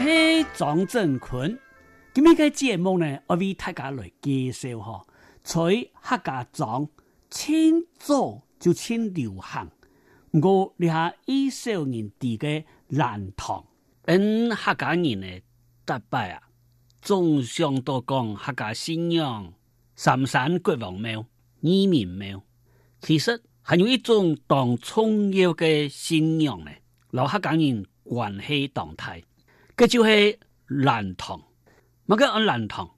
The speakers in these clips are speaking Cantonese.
係莊振坤，咁呢個節目呢，我為大家來介紹嗬。在客家莊，遷祖就遷劉姓，我下伊少年時嘅鸞堂，喺、嗯、客家人嘅大拜啊。眾上都講客家信仰，三山國王廟、二面廟，其實係有一種當重要嘅信仰呢，老客家人慣係當太。佮就是鸞堂，冇講鸞堂，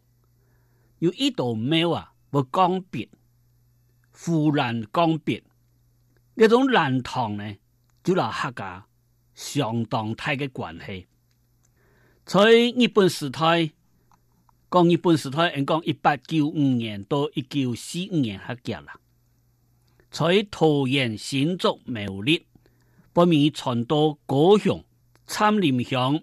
有一朵苗啊，冇剛別，富蘭剛別，呢種鸞堂呢，就拉客家相當大嘅關係。在日本時代，講日本時代，人講一八九五年到一九四五年客家啦，在桃園新竹苗栗，不米傳到高雄、杉林鄉。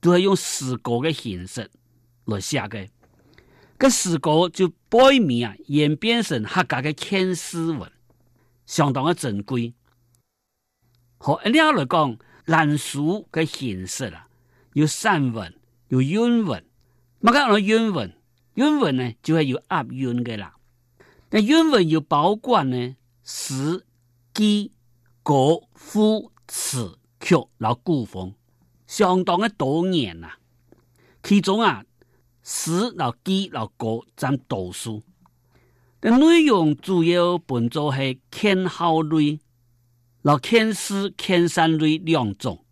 都係用詩歌嘅形式來寫嘅，嗰詩歌就表面啊演變成客家嘅駢詩文，相當嘅珍貴。好，一啲嚟講，鸞書嘅形式啦、啊，有散文，有韻文。乜嘢叫韻文？韻文呢就係有押韻嘅啦。那韻文要包括呢，詩、記、歌、賦、詞、曲、老古風。相當的多年啦、啊，其中啊，詩老、記老、歌佔多數。內容主要分做係鸞號類、老鸞詩、鸞山類兩種。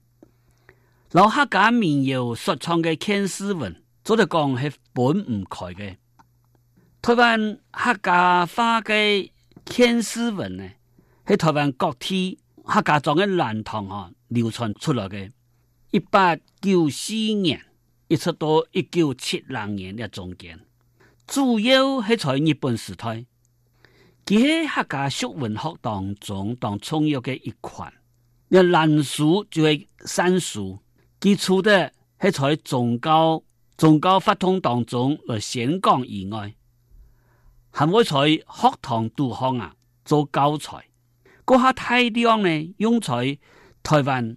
老客家民謠說唱嘅鸞詩文，做着講係本唔開嘅。台灣客家話嘅鸞詩文呢，喺台灣各地客家莊嘅鸞堂啊流傳出來嘅。一八九四年一直到一九七零年的中間，主要係在日本時代，佢喺客家俗文學當中當重要的一環。那鸞書就係善書，佢出得係在宗教、宗教法統當中嚟宣講以外，還會在學堂度學啊做教材。嗰下太啲樣呢，用在台灣。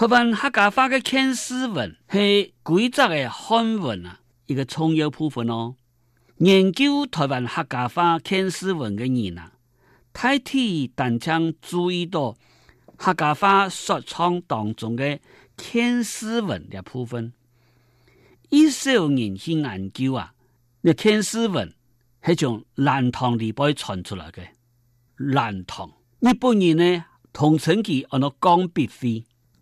台灣客家話嘅《勸世文》係古籍嘅漢文啊，一個重要部分、哦、研究台灣客家話《勸世文》嘅人啊，大體但將注意到客家話說唱當中嘅《勸世文》嘅部分。一少年輕人去研究啊，那《勸世文》係從鸞堂李白傳出來嘅。鸞堂日本人呢，統稱佢按到降筆會。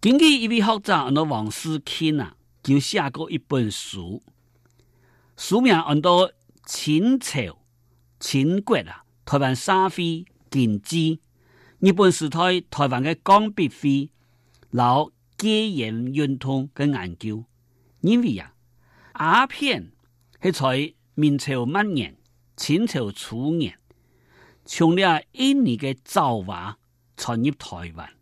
近期一位學者阿多王思清啊，就寫過一本書，書名叫做《清朝、清國啊，台灣沙匪建基，日據初期台灣嘅降筆會，與戒煙運動嘅研究，因為啊，鴉片係在明朝末年、清朝初年，從了印尼的爪哇傳入台灣。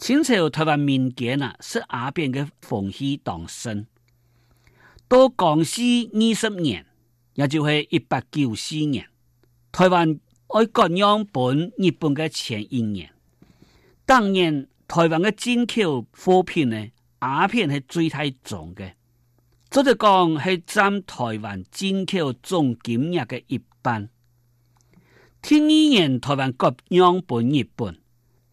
清朝台灣民間啊，是鴉片嘅風氣當盛。到光緒二十年，也就是一八九四年，台灣愛割讓畀日本嘅前一年，當年台灣嘅進口貨品呢，鴉片係最大宗嘅，這是講係佔台灣進口總金額嘅一半。第二年台灣割讓畀日本。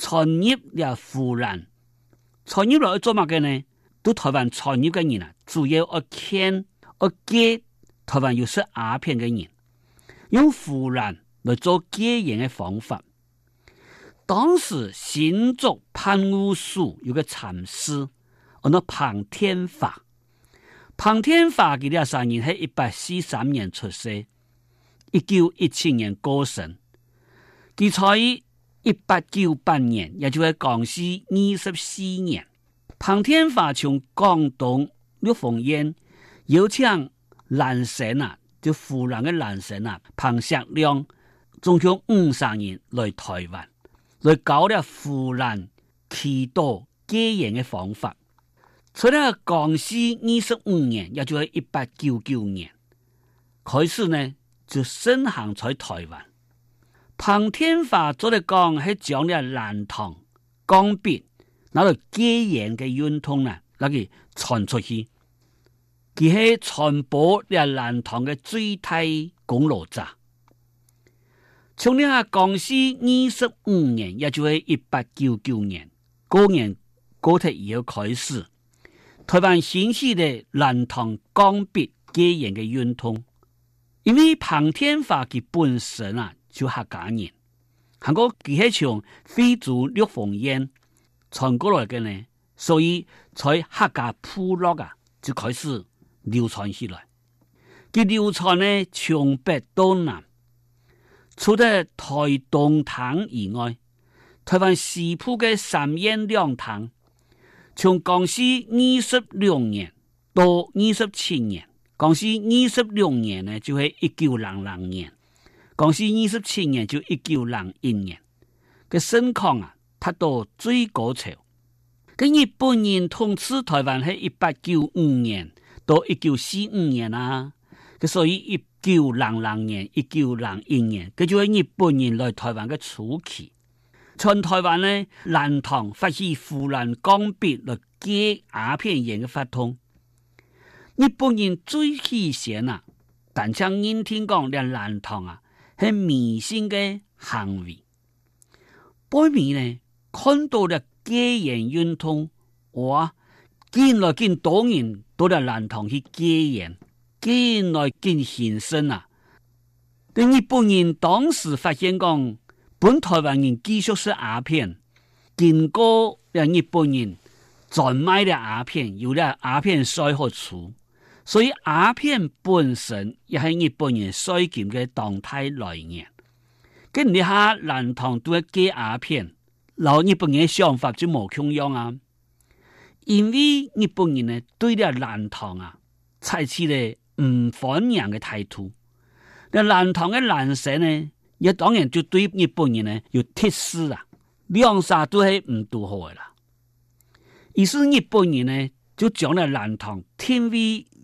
鸞堂了扶鸞，鸞堂了做乜個呢？都台灣鸞堂個人啊，主要我慳我借，台灣有些鴉片個人用扶鸞來做戒煙的方法。當時新竹潘屋樹有個禪師，我叫龐天發。龐天發佢哋啊，生年喺一八四三年出生，一九一七年過身，佢喺。一八九八年，也就是光緒二十四年，彭天華從廣東陸豐縣，又請鸞生啊，就湖南的鸞生啊，彭錫亮，總共五十人來台灣，來搞了湖南祈禱戒煙的方法。在光緒二十五年，也就是一八九九年，開始呢就盛行在台灣。彭天華做啲講係講呢鸞堂降筆，那度戒煙嘅運動啊，那佢傳出去，佢係傳播呢鸞堂嘅最大功勞者。從呢下光緒二十五年，也就是一八九九年嗰年，高鐵以後開始台灣顯式嘅鸞堂降筆戒煙嘅運動，因為彭天華佢本身啊。就客家言，韓國其像，幾起從飛竹六鳳煙傳過來嘅呢，所以在客家部落啊就開始流傳起來。佢流傳呢，從北到南，除咗台東堂以外，台灣西部嘅三燕兩堂，從光緒二十六年到二十七年，光緒二十六年呢就係一九零零年。廣緒二十七年就一九零一年，嘅盛況啊，達到最高潮。跟日本人統治台灣是一八九五年到一九四五年啊，佢所以一九零零年、一九零一年，佢就係日本人來台灣嘅初期。從台灣呢，鸞堂發起湖南江別來戒鴉片煙嘅發動，日本人最起先啊，但像您天講，連鸞堂啊。係迷信嘅行為，半面呢，看到了戒煙運動，哇！見來見多人到嚟鸞堂去戒煙，見來見現身啊！第日本人當時發現講，本台灣人繼續食鴉片，經過第日本人專賣嘅鴉片，有啲鴉片燒開處。所以鴉片本身也係日本人衰竭嘅動態來源，跟住哈。鸞堂對住戒鴉片，老日本人的想法就冇同樣啊。因為日本人呢對住鸞堂啊，採取呢唔歡迎嘅態度。個鸞堂嘅鸞生呢，也當然就對日本人呢有敵視啊，兩殺都係唔度好嘅啦。於是日本人呢就將了鸞堂天威。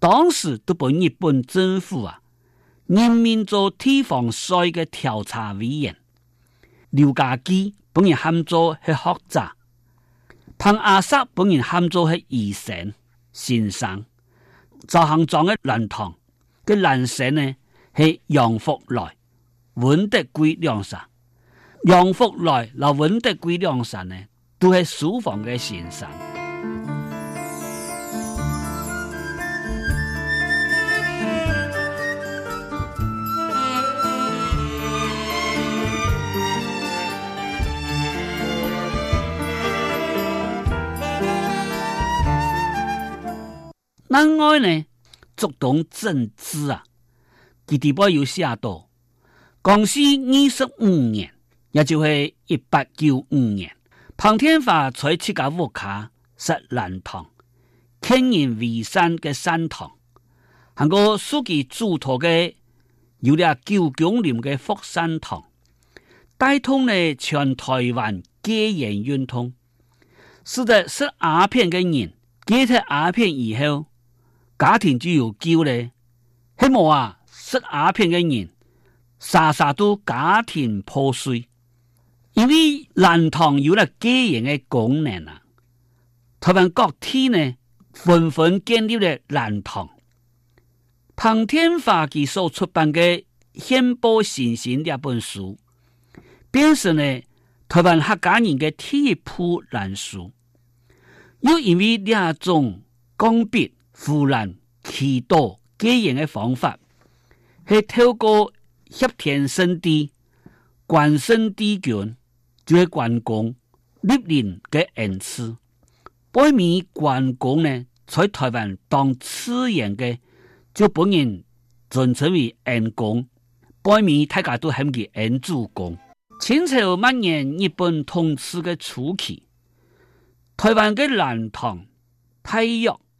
當時都被日本政府啊，任命做地方稅嘅調查委員。廖家基本人喊做係學者，彭阿薩本人喊做係醫生先生。就行長嘅鸞堂。嘅鸞生呢，係楊福來溫德貴兩生。楊福來同溫德貴兩生呢，都係書房嘅先生。另外呢，足黨政治啊，佢哋波有寫到，光緒二十五年，也就是一八九五年，龐天華在七甲屋下設鸞堂，天然衛山嘅山堂，行過書記囑託嘅，有啲九江林嘅福山堂，帶動呢，全台灣戒煙運動，使得食鴉片嘅人，戒脱鴉片以後。家庭就有救咧，希望啊食鴉片的人，啥啥都家庭破碎，因為鸞堂有了戒煙的功能啊！台灣各地呢紛紛建立了鸞堂。彭天華其所出版的《先波神行》一本書，變成呢台灣客家人嘅第一部鸞書，又因為兩種工筆。湖南、祈禱戒煙的方法，是透過協天聖地、關聖帝君，即關公、岳靈嘅恩賜。北面關公呢，在台灣當次爺嘅，就本人尊稱為恩公。北面大家都喊佢恩主公。清朝末年，日本統治嘅初期，台灣嘅南唐、太岳。